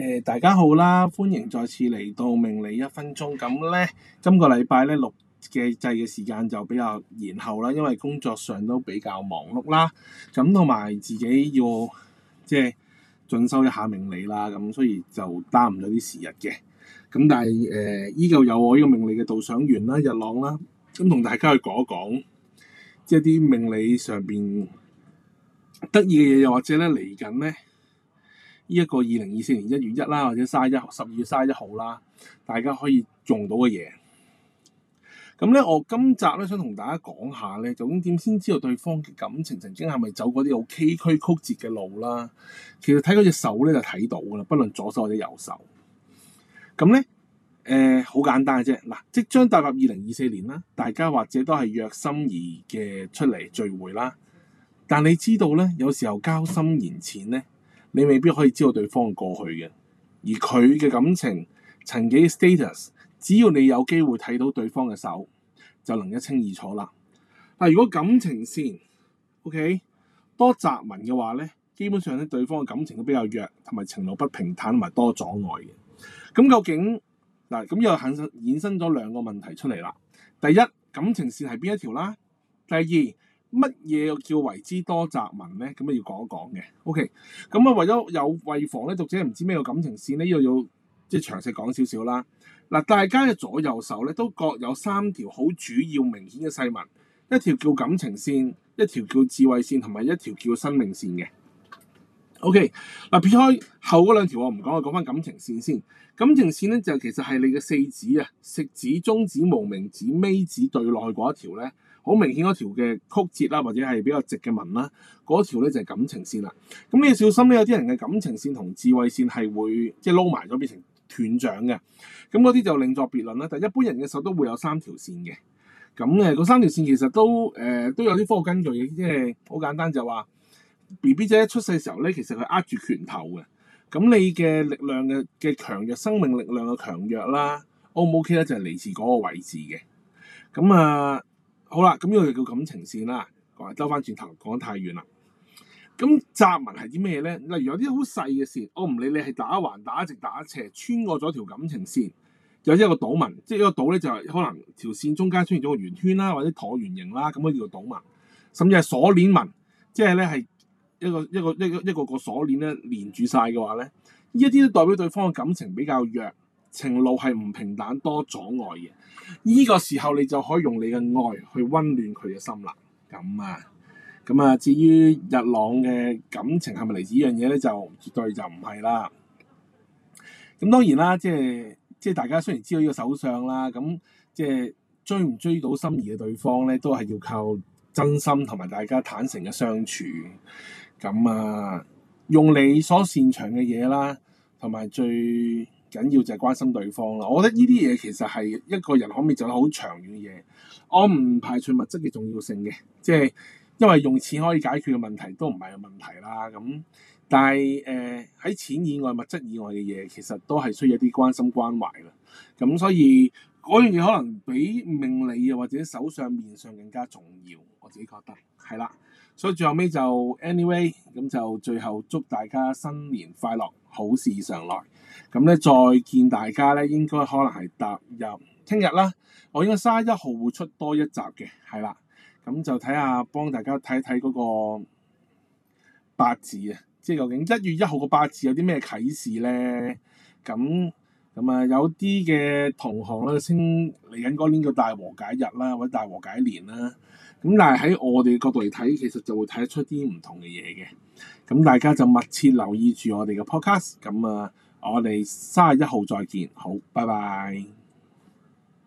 誒、呃、大家好啦，歡迎再次嚟到命理一分鐘。咁呢，今個禮拜呢錄嘅製嘅時間就比較延後啦，因為工作上都比較忙碌啦。咁同埋自己要即係進修一下命理啦，咁所以就耽唔到啲時日嘅。咁但係誒、呃，依舊有我呢個命理嘅導賞員啦，日朗啦，咁同大家去講一講，即係啲命理上邊得意嘅嘢，又或者呢嚟緊呢。呢一個二零二四年一月一啦，或者三一十二月三一號啦，大家可以用到嘅嘢。咁咧，我今集咧想同大家講下咧，究竟點先知道對方嘅感情曾經係咪走過啲好崎嶇曲折嘅路啦？其實睇嗰隻手咧就睇到噶啦，不論左手或者右手。咁咧，誒、呃、好簡單嘅啫。嗱，即將踏入二零二四年啦，大家或者都係約心儀嘅出嚟聚會啦。但你知道咧，有時候交心言淺咧。你未必可以知道對方嘅過去嘅，而佢嘅感情、曾經 status，只要你有機會睇到對方嘅手，就能一清二楚啦。但如果感情線，OK，多雜紋嘅話咧，基本上咧，對方嘅感情都比較弱，同埋情路不平坦同埋多阻礙嘅。咁究竟嗱，咁又衍生咗兩個問題出嚟啦。第一，感情線係邊一條啦？第二。乜嘢叫為之多雜紋呢？咁啊要講一講嘅。OK，咁啊、嗯、為咗有為防咧讀者唔知咩叫感情線呢？依度要即係詳細講少少啦。嗱，大家嘅左右手咧都各有三條好主要明顯嘅細紋，一條叫感情線，一條叫智慧線，同埋一條叫生命線嘅。OK，嗱撇開後嗰兩條我唔講，我講翻感情線先。感情線咧就其實係你嘅四指啊，食指、中指、無名指、尾指對內嗰一條咧。好明顯嗰條嘅曲折啦，或者係比較直嘅紋啦，嗰條咧就係、是、感情線啦。咁你要小心咧，有啲人嘅感情線同智慧線係會即係撈埋咗，變成斷掌嘅。咁嗰啲就另作別論啦。但係一般人嘅手都會有三條線嘅。咁誒，嗰三條線其實都誒、呃、都有啲科學根據嘅，即係好簡單就話 B B 仔出世時候咧，其實佢握住拳頭嘅。咁你嘅力量嘅嘅強弱、生命力量嘅強弱啦，O 唔 O K 咧，就係、是、嚟自嗰個位置嘅。咁啊～好啦，咁、這、呢個就叫感情線啦。各位，兜翻轉頭講得太遠啦。咁雜紋係啲咩咧？例如有啲好細嘅線，我唔理你係打橫、打直、打斜，穿過咗條感情線，有啲一個島紋，即係一個島咧、就是，就係可能條線中間出現咗個圓圈啦，或者橢圓形啦，咁樣叫做島紋。甚至係鎖鏈紋，即係咧係一個一個一個一個個鎖鏈咧連住晒嘅話咧，呢一啲都代表對方嘅感情比較弱。情路係唔平坦多阻礙嘅，呢個時候你就可以用你嘅愛去温暖佢嘅心啦。咁啊，咁啊，至於日朗嘅感情係咪嚟自呢樣嘢呢？就絕對就唔係啦。咁當然啦，即係即係大家雖然知道呢個手相啦，咁即係追唔追到心儀嘅對方呢，都係要靠真心同埋大家坦誠嘅相處。咁啊，用你所擅長嘅嘢啦，同埋最。緊要就係關心對方啦，我覺得呢啲嘢其實係一個人可唔可以做得好長遠嘅嘢。我唔排除物質嘅重要性嘅，即係因為用錢可以解決嘅問題都唔係個問題啦。咁、嗯、但係誒喺錢以外、物質以外嘅嘢，其實都係需要一啲關心關懷啦。咁、嗯、所以。嗰樣嘢可能比命理啊或者手上面上更加重要，我自己覺得係啦。所以最後尾就 anyway 咁就最後祝大家新年快樂，好事常來。咁咧再見大家咧，應該可能係踏入聽日啦。我應該三十一號會出多一集嘅，係啦。咁就睇下幫大家睇睇嗰個八字啊，即係究竟一月一號個八字有啲咩啟示咧？咁。咁、嗯、啊，有啲嘅同行咧稱嚟緊嗰年叫大和解日啦，或者大和解年啦。咁但係喺我哋角度嚟睇，其實就會睇得出啲唔同嘅嘢嘅。咁、嗯、大家就密切留意住我哋嘅 podcast、嗯。咁啊，我哋三十一號再見。好，拜拜。